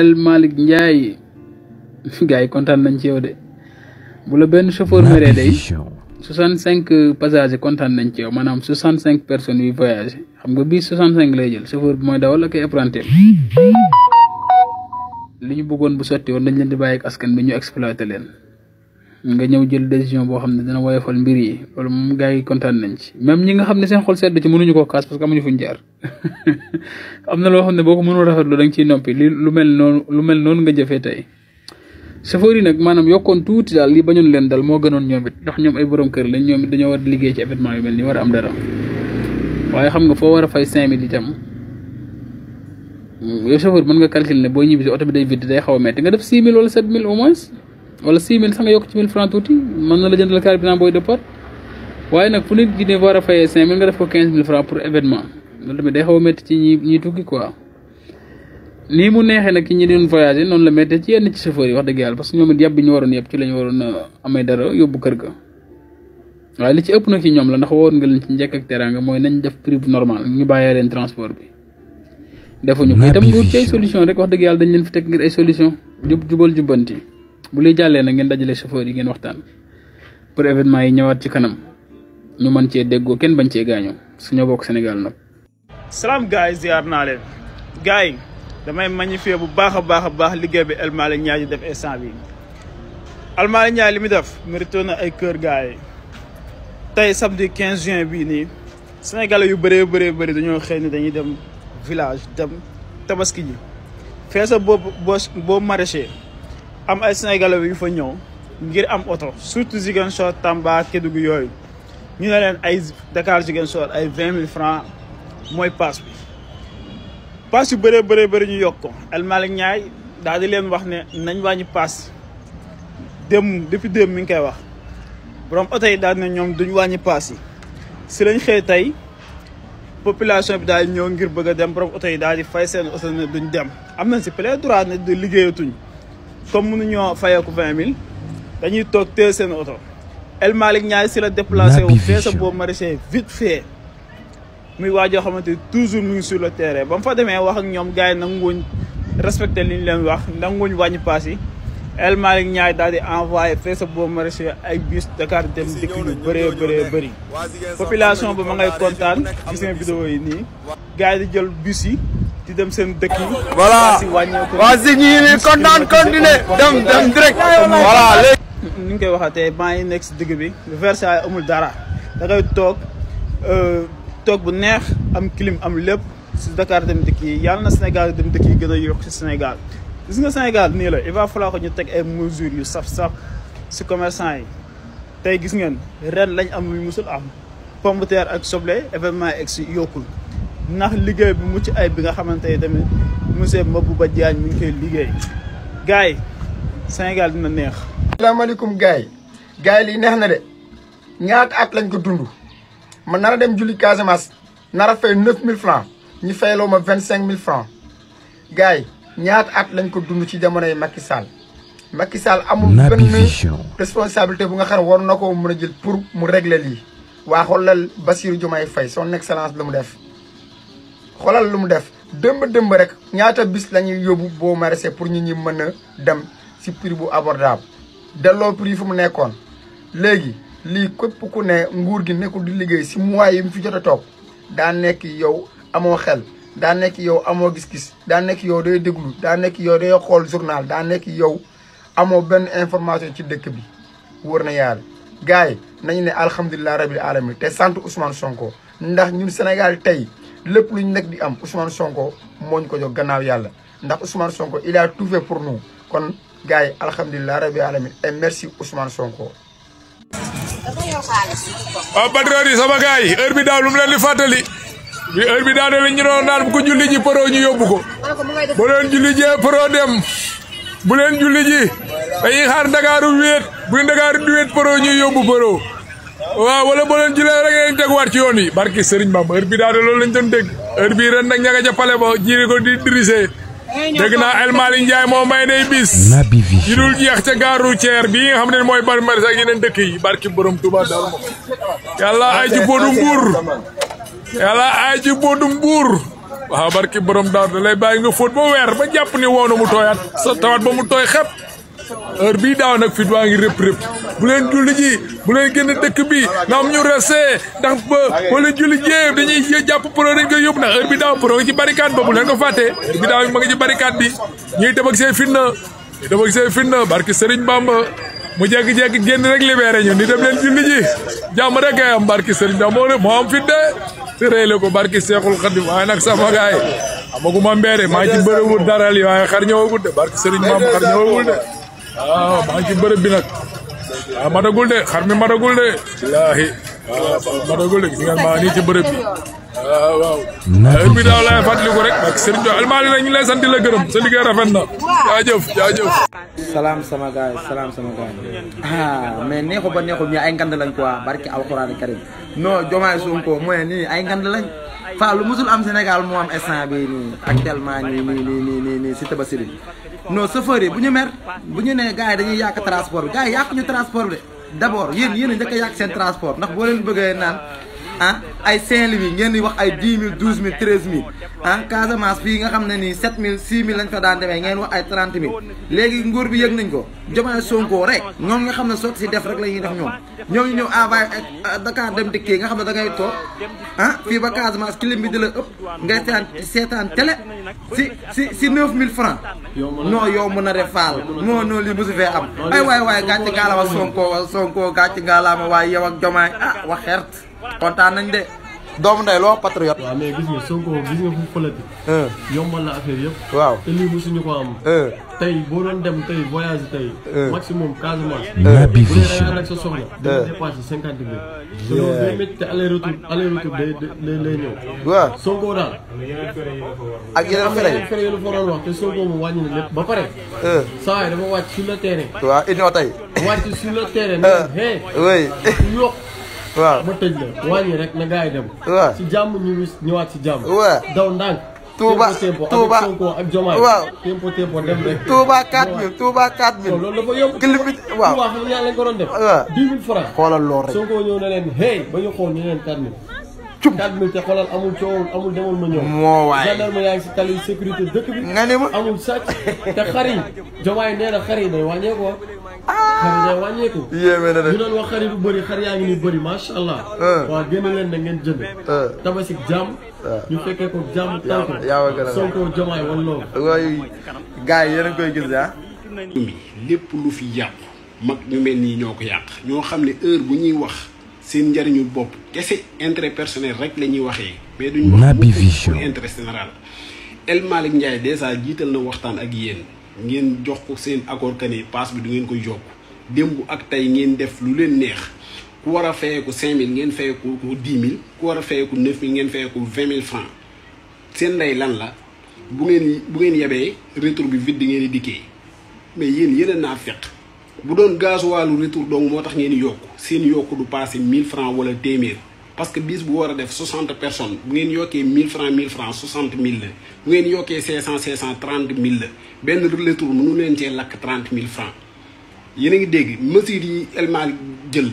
El Malick Ndiaye gars yi kontaan nañ ci yow de bu la benn chauffeur meree day soixante cinq passagers kontaan nañ ci yow maanaam soixante cinq personnes yu voyagé xam nga bii soixante cinq lay jël chauffeur bi mooy dawal ak apprenti li ñu buggoon bu sotti woon dañ leen di bàyyi ak askan bi ñu exploité leen nga ñëw jël décision boo xam ne dana woyofal mbir yi loolu moom gars yi kontaan nañ ci même ñi nga xam ne seen xol sedd ci mënuñu koo kaas parce que amuñu fuñ jaar am na loo xam ne boo ko mënul rafet da nga ciy noppi li lu mel noonu lu mel noonu nga jëfee tey chauffeur yi nag maanaam yokkoon tuuti daal li bañoon leen dal moo gënoon ñoom it ndax ñoom ay borom kër lañ ñoom it dañoo war di liggéey ci événement yu mel ni war a am dara waaye xam nga foo war a fay cinq mille itam yow boo ñibbi nga def six mille wala wala 6000 sax nga yokk ci 1000 francs tuuti mën na la jëndal carburant booy départ waaye nag fu nit gi war a fayee 5000 nga def ko 15000 francs pour événement loolu day xaw a ci ñi ñi tukki quoi. nii mu neexee nag ki ñi doon voyager noonu la méttee ci yenn ci chauffeur yi wax dëgg parce que ñoom it ñu waroon yëpp ci la ñu waroon amee dara yóbbu kër ga. waaye li ci ëpp nag yi ñoom la ndax waroon nga leen ci njëkk ak teraanga mooy nañ def leen transport bi. defuñu ko itam du dëgg yàlla dañ leen fi teg ngir ay solution jub jubal bu lay jàllee na ngeen dajale chauffeur yi ngeen waxtaan pour événement yi ñëwaat ci kanam ñu mën cee déggoo kenn bañ cee gaañoo suñu bokk Sénégal nag. salaam gars ziar naa leen gars yi damay magnifier bu baax a baax a baax liggéey bi El Malick Ndiaye def instant bi El Malick Ndiaye li mu def mérité retourner ay cœur gars yi tey samedi 15 juin bii nii Sénégal yu bëree bëree bëri dañoo xëy ni dañuy dem village dem tabaski ji feesa boo boo maraîcher. am ay sénégalais yu fa ñëw ngir am oto surtout Ziguinchor Tamba Kédougou yooyu ñu ne leen ay Dakar Ziguinchor ay vingt mille francs mooy paas bi paas yu bëree bëree bëri ñu yokko ko ñaay Malick daal di leen wax ne nañ wàññi paas dem depuis dem mi ngi koy wax borom oto yi daal ne ñoom duñ wàññi paas yi si lañ xëy tey population bi daal ñëw ngir bëgg dem borom oto yi daal di fay seen oto ne duñ dem am na si plein droit ne liggéeyatuñ comme mënuñoo fayeeku vingt mille dañuy toog téye seen oto El Malick Ndiaye si la déplacé wu fee sa boobu maraîcher vite fait muy waa joo xamante toujours mu sur le terrain ba mu fa demee wax ak ñoom gars yi nanguwuñ respecté li ñu leen wax nanguwuñ wàññi paas yi El Malick Ndiaye daal di envoyé fee sa boobu maraîcher ay bus Dakar dem dikk yu bëree bëree bëri population ba ma ngay kontaan gis nga vidéo yi nii gars yi di jël bus yi di dem seen dëkk yi. voilà waa Zik ñu ngi nii kontaan continué dem dem direct. voilà léegi. ni ñu koy waxatee banc yi nekk si digg bi Versailles amul dara da toog euh, toog bu neex am clim am lépp si Dakar dem dëkk yi yàlla na Sénégal dem dëkk yi gën a yokk si Sénégal. gis nga Sénégal nii la il va ñu teg ay mesures yu saf-saf si commerçant yi tey gis ngeen ren lañ am lu musul am pomme terre ak soble événement ex si yokkul. ndax liggéey bi mucc ay bi nga xamante ne tamit monsieur Mabouba Diagne mi ngi koy liggéey gars yi Sénégal dina neex. salaamaaleykum gars yi gars yi lii neex na de ñaata at lañ ko dund ma nar dem julli Casamance nar a fay 9000 francs ñu fayloo ma 25000 francs gars yi ñaata at lañ ko dund ci jamonoy Macky Sall. Macky Sall amul benn responsabilité bu nga xam ne war na ko mën a jël pour mu régler lii waa xoolal Bassirou Diomaye Faye son excellence la mu def. xoolal lu mu def dëmb dëmb rek ñaata bis lañuy ñuy yóbbu boo marché pour ñu ñi mën a dem si prix bu abordable delloo prix fu mu nekkoon léegi lii képp ku ne nguur gi nekkul di liggéey si mois yi mu fi jot a toog daa nekk yow amoo xel daa nekk yow amoo gis-gis daa nekk yow day déglu daa nekk yow day xool journal daa nekk yow amoo benn information ci dëkk bi wër na yàlla gars yi nañu ne alhamdulilah rabil alamin te sant Ousmane Sonko ndax ñun Sénégal tey lepp luñ nek di am Ousmane Sonko moñ ko jox gannaaw yalla ndax Ousmane Sonko il a tout fait pour nous kon gaay yi rabbi alamin et merci Ousmane Sonko. waaw ah, patriote sama gaay heure bi daal lu mu leen di fatali bi heure bi daal la ñu naan bu ko julli ji pro ñu yobbu ko bu leen julli ji pro dem bu leen julli ji ay xaar Dakar wéet bu Dakar wéet poro ñu yobbu pro waaw wala boo leen julee rek ngeen teguwaat ci yoon yi barki Serigne Bamba heure bi daal de loolu lañ doon dégg heure bii ren na ña nga ca pale ba jiiri ko di dirisee dégg naa El Malick Ndiaye moo may day bis yi dul jeex ca gare routière bii nga xam ne mooy bari mari ak yeneen dëkk yi barki borom Touba daal ma yàlla ay ji boodu mbuur yàlla ay ji boodu mbuur waaw barki borom daal da lay bàyyi nga fóot ba weer ba jàpp ni woo na mu tooyaat sa tawaat ba mu tooy xepp heure bii daaw nag fit waa ngi rëpp rëpp bu leen julli ji bu leen génn dëkk bi na ñu rese ndax ba wala julli jéem dañuy jàpp pro dañ koy yóbbu ndax heure bi daaw pro nga ci barricade ba bu leen ko fàtte heure bi daaw ma nga ci barricade bi ñuy tabak see fitna ñuy tabak see barki Serigne Bamba mu jékki-jékki génn rek libéré ñu ni dem leen julli ji jàmm rek am barki Serigne Bamba moo ne moo am fit de te ko barki Seexul Xadim waaye nag sama gaay amaguma mbeere maa ci bëriwul dara li waaye xar waaw ah, maa ngi ci bërëb bi nag ah madagul de xar mi madagul de. wallaahi waaw ah, madagul de gis ngeen maa ngi nii ci bërëb bi. waaw waaw. nawet eh, bi daaw laay fàttaliku rek. ak Serigne Diop almaari la ñu lay sant di la gërëm sa liggéey rafet na. jaajëf jaajëf. salaam sama gaay salaam sama gaay ah mais neexu ba neexu ñii ay ngand lañ quoi barki alxuraan karim non Diomaye Sonko mu ne nii ay ngand lañ fa lu musul am Sénégal moo am instant bi nii actuellement nii nii nii nii nii si Tabaski non chauffeur yi bu ñu mer bu ñu nee gars yi dañuy yàq transport bi gars yi yàq ñu transport bi d' abord yéen yéen a njëkk a yàq seen transport ndax boo leen bëggee naan. ah ay Saint-Louis ngeen di wax ay dix mille douze mille treize mille ah Casamance fii nga xam ne nii sept mille six mille lañ fa daan demee ngeen wax ay trente mille léegi nguur bi yëg nañ ko Diomaye Sonko rek ñoom nga xam ne sotti si def rek la ñuy def ñoom ñoom ñu ñëw envoyé eh, ah, Dakar dem dikkee nga xam ne da ngay toog ah fii ba Casamance clim la ëpp ngay seetaan seetaan télé si si si neuf mille francs non yow mën a def faal non non li mosu fee am ay waay waay gàcce gaalaama Sonko Sonko gàcce gaalaama waay yow ak Diomaye ah waxeert kontaan nañ de. doomu ndey loo patriote. waaw mais gis nga Sonko gis nga fu politique. yombal na affaire yëpp. waaw te lii mosuñu ko am. tey boo doon dem tey voyage tey. maximum Casamance. Naby Vision te loolu day métti te aller retour aller retour day day day ñëw. waaw Sonko daal. ak yeneen fere yi am na fere yu ñu fa te Sonko mu wàññi na lépp ba pare. saa yi dafa wàcc sur le waaw ma tëj la wàññi rek na gars yi dem. waaw si jàmm ñu wis ñëwaat si jàmm. waaw daw ndànk. Touba Touba ak Jomaay. waaw tempo tempo dem rek. Touba 4000 Touba 4000. loolu la ko yóbbu clip bi waaw Touba def. waaw 10 000 xoolal lool rek soo ko ñëw na leen hey ba ñu xool ñu leen 4000. cub 4000 te xoolal amul coowul amul demoon ma ñëw. moo waay gendarme yaa sécurité dëkk bi. nga ma amul sàcc te xar yi Jomaay nee na xar yi day wàññeekoo. xar yi day wàññeeku. yéeme iya, na de ñu doon wax du bëri xar yaa ngi ni bëri macha allah. Eh. waaw génn leen na ngeen jënd. Eh. tabaski jàmm. ñu eh. fekkee ko jàmm tànk. yaa ya, ma gën a Sonko Diomaye wala loolu. waaye gars yi yéen ya, a ya. koy gis ah. lépp lu fi yàqu mag ñu mel nii ñoo ko yàq ne heure bu ñuy wax seen njëriñu bopp kese intérêt personnel rek la ñuy waxee. mais duñu wax pour intérêt général. El Malick Ndiaye dèjà jiital na waxtaan ak yéen ngeen jox ko seen accord que ne bi du ngeen koy jokk. démb ak tey ngeen def lu leen neex ku war a fayeeku 5000 ngeen fayeeku 10000 ku war a fayeeku 9000 ngeen fayeeku 20000 francs seen ndey lan la bu ngeen bu ngeen yebee retour bi vide ngeen di dikkee mais yéen yéen a naa fekk bu doon gasoilu retour donc moo tax ngeen yokk seen yokk du passé 1000 francs wala téeméer parce que bis bu war a def 60 personnes bu ngeen yokkee 1000 francs 1000 francs 60000 la bu ngeen yokkee 500 500 30000 la benn retour mënu leen cee lakk 30000 francs yéen a ngi dégg mesures yi El Malick jël.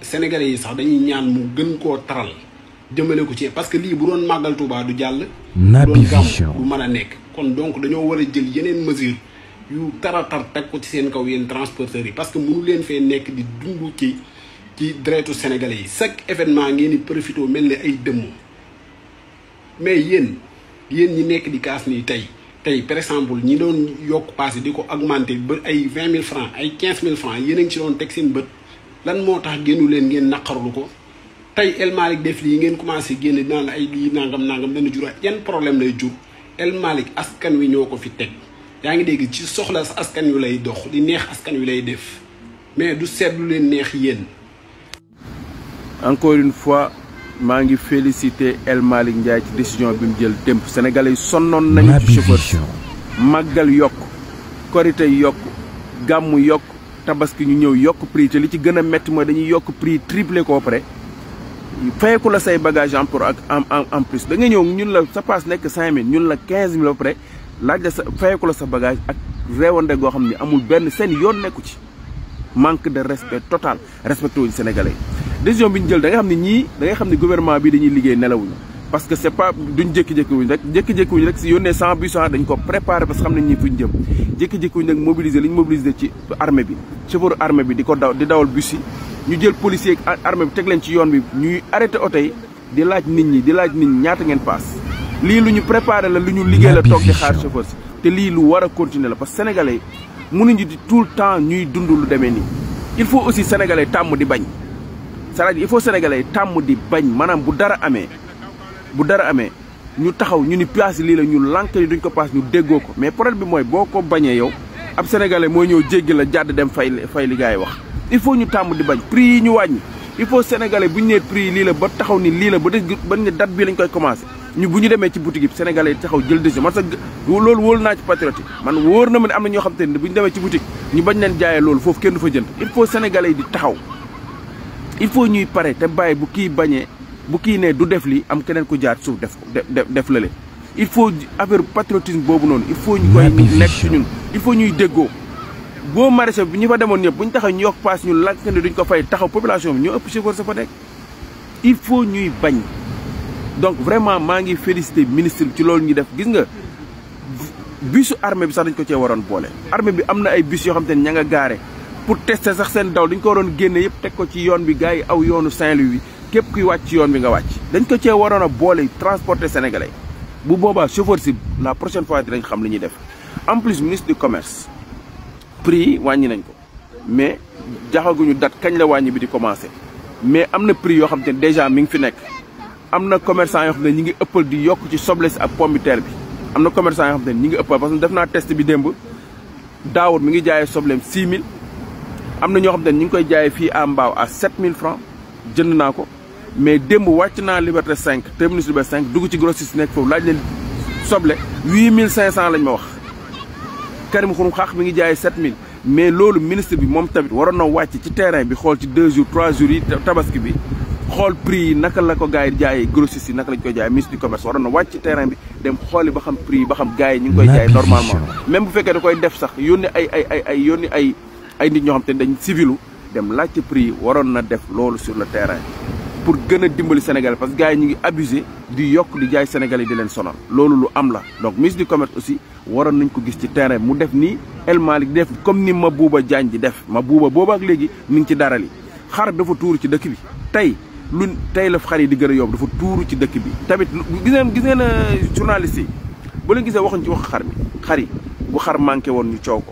Sénégalais yi sax dañuy ñaan mu gën koo taral jëmale ko ci parce que lii bu doon màggal Touba du jàll. Naby Vision du mën a nekk. kon donc dañoo war a jël yeneen mesures yu taratar teg ko ci seen kaw yéen transporteurs yi parce que mënu leen fee nekk di dund ci ci deretu Sénégalais yi chaque événement ngeen di profité mel ni ay dëmm mais yéen yéen ñi nekk di kaas nii tey. tey par exemple ñi doon yokk paas yi di ko augmenter ba ay vingt mille francs ay mille francs yéen a ngi ci doon teg seen bët lan moo tax génnu leen ngeen naqarlu ko tey El Malick def lii ngeen commencé génne naan ay lii nangam nangam dana jur yenn problème lay jur El Malick askan wi ñoo ko fi teg yaa ngi dégg ci soxla askan wi lay dox di neex askan wi lay def mais du seetlu leen neex yéen. Je félicité El Malik Ndiaye ci décision bi mu jël temp sénégalais sonnon nañu ci chauffeur Magal yok korite yok Gamu yok tabaski ñu prix li ci gëna metti dañuy prix triplé ko la bagage en plus da nga ñun la sa passe nek 5000 ñun la 15000 après la la sa bagage ak manque de respect total respecté le sénégalais décision bi ñu jël da nga xam ne ñii da nga xam ne gouvernement bi dañuy liggéey nelawuñu parce que c'est pas duñ jékki-jékkiwuñ rek jékki-jékkiwuñ rek si yónnee cent buissons dañ ko préparer parce que xam nañ ñi fuñ jëm jékki-jékkiwuñ rek mobiliser liñ mobiliser ci armée bi chauffeur armée bi di ko daw di dawal bus yi ñu jël policier ak armée bi teg leen ci yoon bi ñuy arrêté oto yi di laaj nit ñi di laaj nit ñi ñaata ngeen paas lii lu ñu préparé la lu ñu liggéey la toog di xaar chauffeur te lii lu war a continuer la parce que sénégalais mënuñu di tout le temps ñuy dund lu demee nii il faut aussi sénégalais tàmm di bañ c'est-à-dire il faut sénégalais tàmm di bañ maanaam bu dara amee bu dara amee ñu taxaw ñu ni paas lii la ñu lànk ni duñ ko paas ñu déggoo ko mais problème bi mooy boo ko bañee yow ab sénégalais mooy ñëw jéggi la jàdd dem fay fay li gars wax. il faut ñu tàmm di bañ prix yi ñu wàññi il faut sénégalais bu ñu nee prix yi lii la ba taxaw ni lii la ba dégg ba ne date bii lañ koy commencé. ñu bu ñu demee ci boutique yi sénégalais yi taxaw jël décision man sax loolu wóolu na ma ne ñoo xam te ne ñu demee ci boutique ñu bañ leen jaayee loolu foofu kenn du fa jënd il faut sénégalais yi taxaw il faut ñuy pare te bàyyi bu ki bañee bu ki né du def li am keneen ko jaar suuf def def def lale il faut affaire patriotisme bobu non il faut ñuy nek ñun il faut ñuy déggo boo maraîcher bi ñu fa démon ñep bu taxaw ñu yok paas ñu lakk ne duñ ko fay taxaw population bi ñoo ëpp chauffeur sa fa nekk il faut ñuy bañ donc vraiment ma ngi félicité ministre ci loolu ñuy def gis nga bisu armée bi sax dañ ko ci waron bolé armée bi amna ay bus yo xam te garé pour tester sax seen daw dañ ko waroon génne yëpp teg ko ci yoon bi gars yi aw yoonu Saint-Louis képp kuy wàcc ci yoon bi nga wàcc dañ ko cee waroon a boole transporter sénégalais bu boobaa chauffeur si la prochaine fois dinañ xam li ñuy def en plus ministre du commerce prix yi wàññi nañ ko mais jaxaguñu date kañ la wàññi bi di commencé mais am na prix yoo xam te ne déjà mi ngi fi nekk am na commerçant yoo xam ne ñi ngi ëppal di yokk ci soble si ak pomme de terre bi am na commerçant yoo xam ne ñi ngi ëppal parce que def naa test bi démb daawut mi ngi jaayee sobleem 6 000 am na ñoo xam te ne ñu ngi koy jaayee fii à Mbao à 7000 francs jënd naa ko mais démb wàcc naa Liberté 5 terminus Liberté 5 dugg ci grossiste nekk foofu laaj leen soble 8500 lañ ma wax. Karim Xurum Xaax mi ngi jaayee 7000 mais loolu ministre bi moom tamit waroon na wàcc ci terrain bi xool ci 2 jours 3 jours yi tabaski bi xool prix yi naka la ko gars yi jaayee grossiste yi naka lañ koy jaayee ministre du commerce waroon na wàcc ci terrain bi dem xooli ba xam prix yi ba xam gars ñu ngi koy jaayee normalement. sax yónni ay ay ay ay. ay nit ñoo xam te ne dañ civilu dem laajte prix waroon na def loolu sur le terrain pour gën a dimbali Sénégal parce gars yi ñu ngi abusé di yokk di jaay Sénégal yi di leen sonal loolu lu am la donc ministre di commerce aussi waroon nañ ko gis ci terrain mu def nii El Malick def comme ni ma Mabouba Diagne di def ma buuba boobu ak léegi mi ngi ci dara li xar dafa tuur ci dëkk bi tey lu tey la xar yi di gën a yomb dafa tuuru ci dëkk bi tamit gis ngeen gis ngeen euh, journaliste yi bu leen gisee waxuñ ci wax xar mi xar yi bu xar manqué woon ñu coow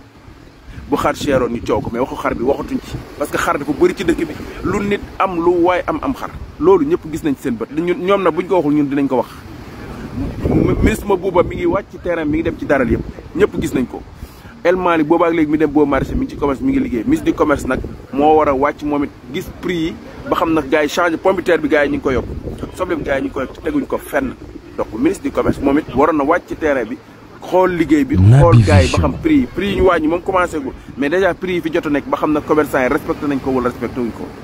bu xar seeroon ñu coow ko mais waxu xar bi waxatuñ ci parce que xar dafa bëri ci dëkk bi lu nit am lu waay am am xar loolu ñëpp gis nañ ci seen bët ñun ñoom nag buñ ko waxul ñun dinañ ko wax ministre ma buuba mi ngi wàcc ci bi mi ngi dem ci daral yëpp ñëpp gis nañ ko El Mali booba ak léegi mi dem boo marché mi ngi ci commerce mi ngi liggéey ministre du commerce nag moo war a wàcc moom it gis prix yi ba xam na gars change changé pomme de bi gars ñu ngi ko yokk soble bi gars yi ñu ngi fenn donc ministre du moom waroon na wàcc ci terrain xool liggéey bi xool gars ba xam prix yi prix yi ñu wàññi moom commencé gul mais déjà prix yi fi jot a nekk ba xam na commerçant yi respecté nañ ko wala respecté wuñ ko